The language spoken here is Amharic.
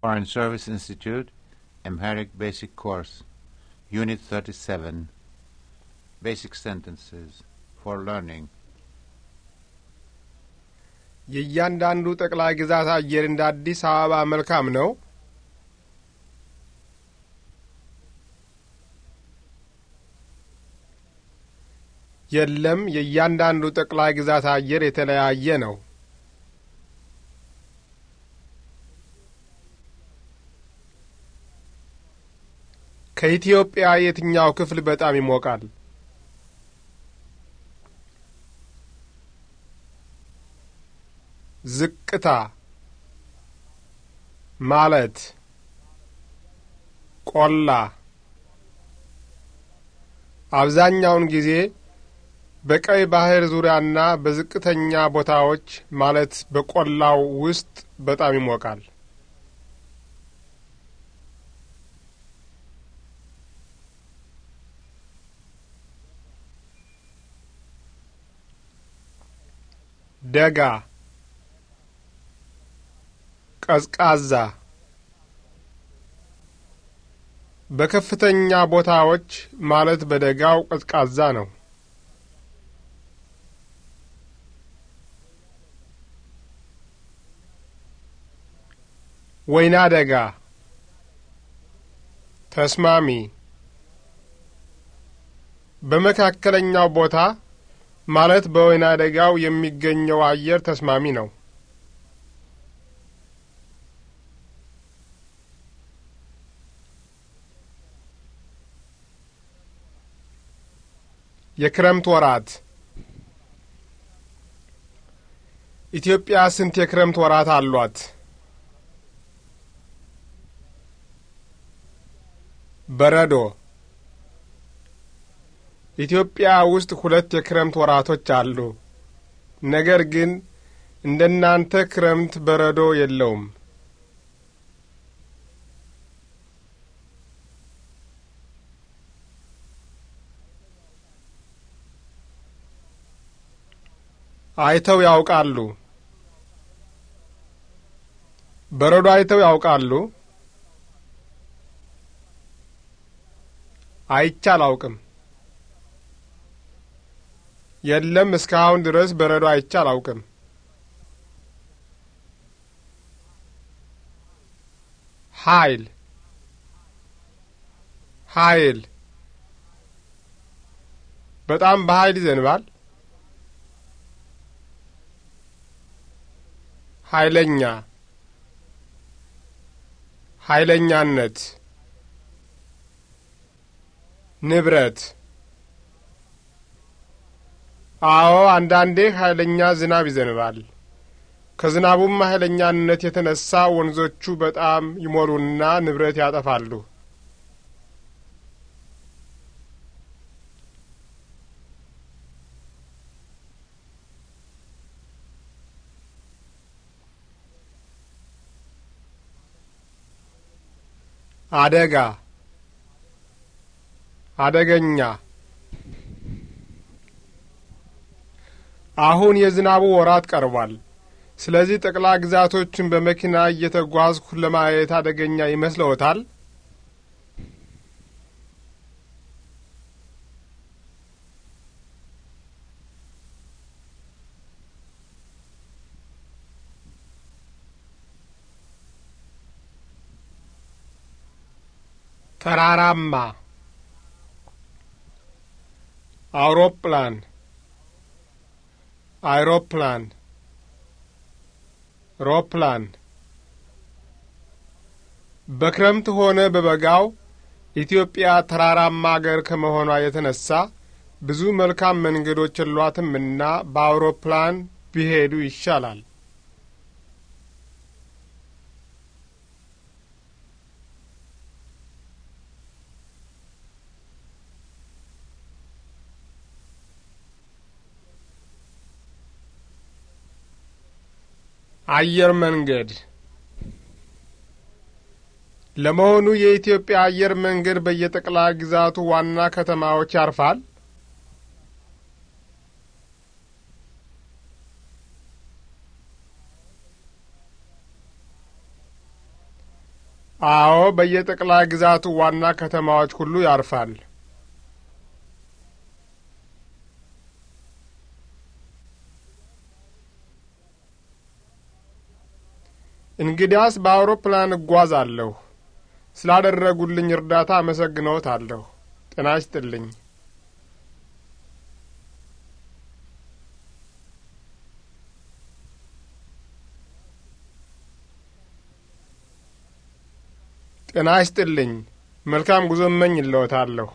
Foreign Service Institute, Amharic Basic Course, Unit 37, Basic Sentences for Learning. የእያንዳንዱ ጠቅላይ ግዛት አየር እንደ አዲስ አበባ መልካም ነው። የለም፣ የእያንዳንዱ ጠቅላይ ግዛት አየር የተለያየ ነው። ከኢትዮጵያ የትኛው ክፍል በጣም ይሞቃል? ዝቅታ ማለት ቆላ። አብዛኛውን ጊዜ በቀይ ባህር ዙሪያና በዝቅተኛ ቦታዎች ማለት በቆላው ውስጥ በጣም ይሞቃል። ደጋ፣ ቀዝቃዛ። በከፍተኛ ቦታዎች ማለት በደጋው ቀዝቃዛ ነው። ወይና ደጋ ተስማሚ በመካከለኛው ቦታ ማለት በወይና ደጋው የሚገኘው አየር ተስማሚ ነው። የክረምት ወራት ኢትዮጵያ ስንት የክረምት ወራት አሏት? በረዶ ኢትዮጵያ ውስጥ ሁለት የክረምት ወራቶች አሉ። ነገር ግን እንደ እናንተ ክረምት በረዶ የለውም። አይተው ያውቃሉ? በረዶ አይተው ያውቃሉ? አይቻል አላውቅም። የለም፣ እስካሁን ድረስ በረዶ አይቼ አላውቅም። ኃይል ኃይል በጣም በኃይል ይዘንባል። ኃይለኛ ኃይለኛነት ንብረት አዎ፣ አንዳንዴ ኃይለኛ ዝናብ ይዘንባል። ከዝናቡም ኃይለኛነት የተነሳ ወንዞቹ በጣም ይሞሉና ንብረት ያጠፋሉ። አደጋ አደገኛ አሁን የዝናቡ ወራት ቀርቧል። ስለዚህ ጠቅላ ግዛቶችን በመኪና እየተጓዝኩ ለማየት አደገኛ ይመስለዎታል? ተራራማ አውሮፕላን አይሮፕላን ሮፕላን በክረምት ሆነ በበጋው ኢትዮጵያ ተራራማ አገር ከመሆኗ የተነሳ ብዙ መልካም መንገዶች የሏትምና በአውሮፕላን ቢሄዱ ይሻላል። አየር መንገድ ለመሆኑ የኢትዮጵያ አየር መንገድ በየጠቅላይ ግዛቱ ዋና ከተማዎች ያርፋል? አዎ፣ በየጠቅላይ ግዛቱ ዋና ከተማዎች ሁሉ ያርፋል። እንግዲያስ በአውሮፕላን እጓዛለሁ። ስላደረጉልኝ እርዳታ አመሰግነዎታለሁ። ጤና ይስጥልኝ። ጤና ይስጥልኝ። መልካም ጉዞ እመኝልዎታለሁ።